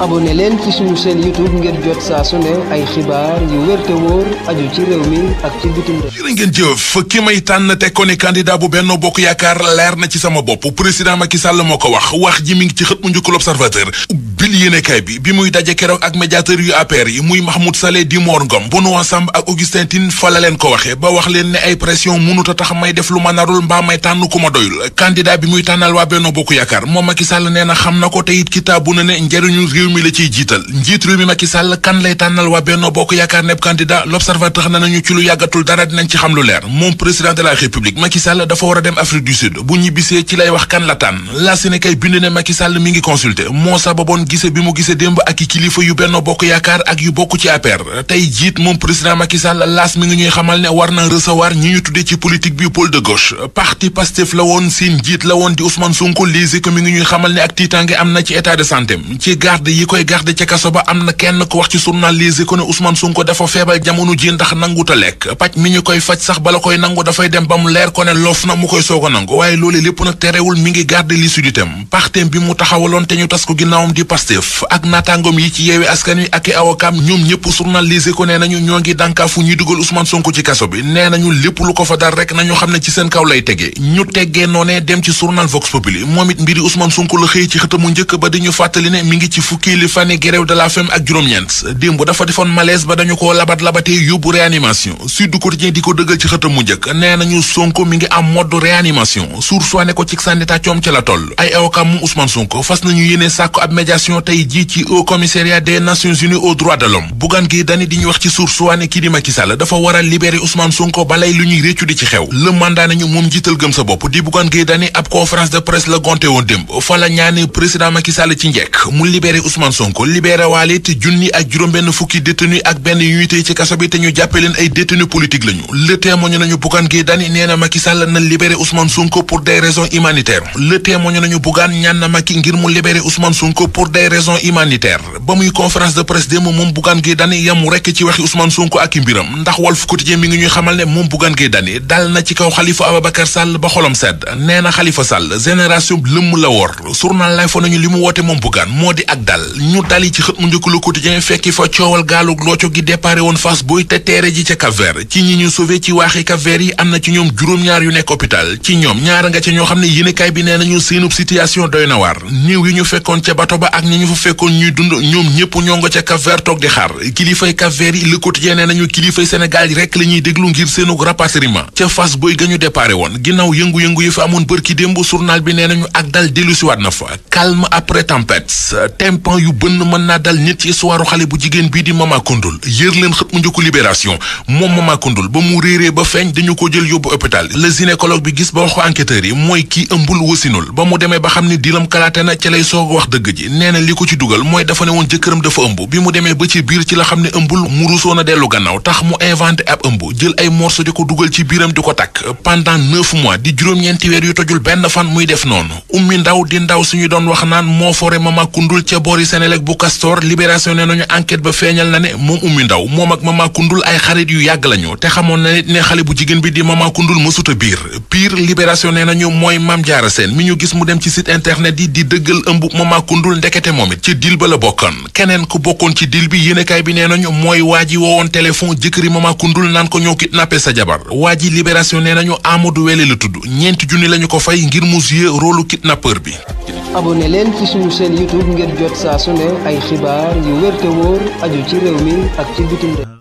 abonné leen ci suñu chaîne YouTube ngir jot saa su ne ay xibaar yu wér te wóor aju ci réew mi ak ci bitim réew. jërë ngeen jëf ki may tànn teg ko ne candidat bu benn Bokk Yaakaar leer na ci sama bopp président ma ki Sall moo ko wax wax ji mi ngi ci xët mu njëkk l'Observateur yéenekaay bi bi muy daje keroog ak médiateur yu APR yi muy Mahmoud Saleh di Mor Ngom Benoît Samb ak Augustin Tine fa la leen ko waxee ba wax leen ne ay pression mënut a tax may def lu ma narul mbaa may tànn ku ma doyul candidat bi muy tànnal waa Benno Bokk Yaakaar moom Macky Sall nee na xam na ko te it kitaabu na ne njëriñu réew mi la ciy jiital njiit réew mi Macky Sall kan lay tànnal waa Benno Bokk Yaakaar neb candidat L'Observateur na nañu jaxase bi mu gisee démb ak i kilifa yu benn bokk yaakaar ak yu bokk ci APR tey jiit moom président Macky Sall laas mi ngi ñuy xamal ne war na recevoir ñi ñu tuddee ci politique bi pôle de gauche parti Pastef la woon seen jiit la woon di sun Sonko lise ko mi ngi ñuy xamal ne ak tiitaange am na ci état de santé ci garde yi koy garde ca kaso ba am na kenn ko wax ci journal lise ko ne sun ko dafa feebal jamono ji ndax nanguta lekk paj mi ñu koy faj sax bala koy nangu dafay dem ba mu leer ko ne na mu koy soog a nangu loolu lépp nag terewul mi ngi garde li su di tem partem Pastef ak naataangoom yi ci yeewi askan wi ak i ñoom ñëpp journal Les ko nee nañu ñoo ngi dànkaafu ñuy dugal Ousmane Sonko ci kaso bi nee nañu lépp lu ko fa dar rek nañu xam ne ci seen kaw lay tegee ñu teggee noonee dem ci journal Vox Populi moom it mbiri Ousmane Sonko la xëy ci xëtamu njëkk ba di ñu fàttali ne mi ngi ci fukki li fane grève de la faim ak juróom-ñeent démb dafa defoon malaise ba dañu ko labat labatee yóbbu réanimation Sud Quotidien di ko dëggal ci xëtamu njëkk nee nañu Sonko mi ngi am mode réanimation source ne ko ci sànni tàccoom ca la toll ay awakam Ousmane Sonko fas nañu yéene sàkku médiation réunion tey jii ci haut commissariat des nations unies aux droits de l'homme Bougane Gueye Dany di ñu wax ci source kii di Macky dafa war a libérer Ousmane Sonko balay lu ñuy réccu di ci xew le mandat nañu moom jiital gëm sa bopp di Bougane Gueye Dany ab conférence de presse la gonte woon démb fa la président Macky ci njekk mu libérer Ousmane Sonko libéré waale te junni ak juróom-benn fukki détenu ak benn unité ci kaso bi te ñu jàppe leen ay détenu ay raisons humanitaires ba muy conférence de presse démb moom Bougane Gueye Dany yamu rekk ci waxi Ousmane Sonko ak i mbiram ndax Walf Quotidien mi ngi ñuy xamal ne moom Bougane Gueye Dany dal na ci kaw Khalifa Ababacar Sall ba xolam sedd nee na Khalifa génération lëmm la wor journal lay fa nañu li mu woote moom Bougane moo di ak dal ñu dali ci xët mu njëkk Le Quotidien fekki fa coowal gaalu looco gi déparé woon Fass Boy te teere ji ca Cap-Vert ci ñi na ci ñoom juróom-ñaar yu nekk hôpital ci xam ne yéenekaay bi nee nañu seenub situation doy ñi ñu fa fekkoon ñuy dund ñoom ñëpp ñoo nga ca Cap Vert toog di xaar kilifay Cap Vert yi Le Quotidien nee nañu kilifay Sénégal yi rek la ñuy déglu ngir seenu rapatriement ca Fass Boye ga ñu déparé woon ginnaaw yëngu-yëngu yi fa amoon bërki démb journal bi nee nañu ak dal dellusiwaat na fa calme après tempête tempan yu bënn mën naa dal nit ci histoire xale bu jigéen bii di Mama Koundoul yër leen xët mu njëkku libération moom Mama Koundoul ba mu réeree ba feeñ dañu ko jël yóbbu hôpital le gynécologue bi gis ba wax ko enquêteurs yi mooy kii ëmbul wasinul ba mu demee ba xam ne dilam kalaate na ca lay soog wax dëgg li ko ci dugal mooy dafa ne woon jëkkëram dafa ëmb bi mu demee ba ci biir ci la xam ne ëmbul mu rusoon dellu gannaaw tax mu inventé ab ëmb jël ay morceau di ko dugal ci biiram di ko takk pendant neuf mois di juróom-ñeenti weer yu tojul benn fan muy def noonu ummi ndaw di ndaw suñu doon wax naan moo fore mama kundul ca boori Senelec bu Castor libération ne nañu enquête ba feeñal na ne moom ummi ndaw moom ak mama kundul ay xarit yu yàgg lañu te xamoon na ne xale bu jigéen bi di mama kundul mësuta biir pire libération ne nañu mooy Mame Diarra Sène mi ñu gis mu dem ci site internet yi di dëggal ëmb mama kundul ndekete moom it ci dil ba la bokkoon keneen ku bokkoon ci dil bi yéenekaay bi nee nañu mooy waa ji woowoon téléphone jëkkëri mama kundul naan ko ñëw kidnappé sa jabar waa ji libération nee nañu Amadou la tudd ñeenti junni lañu ko fay ngir mu jouer rôlu kidnappeur bi abonné leen ci suñu chaîne YouTube ngir jot saa su ne ay xibaar yu wér te wóor aju ci réew mi ak ci bitim réew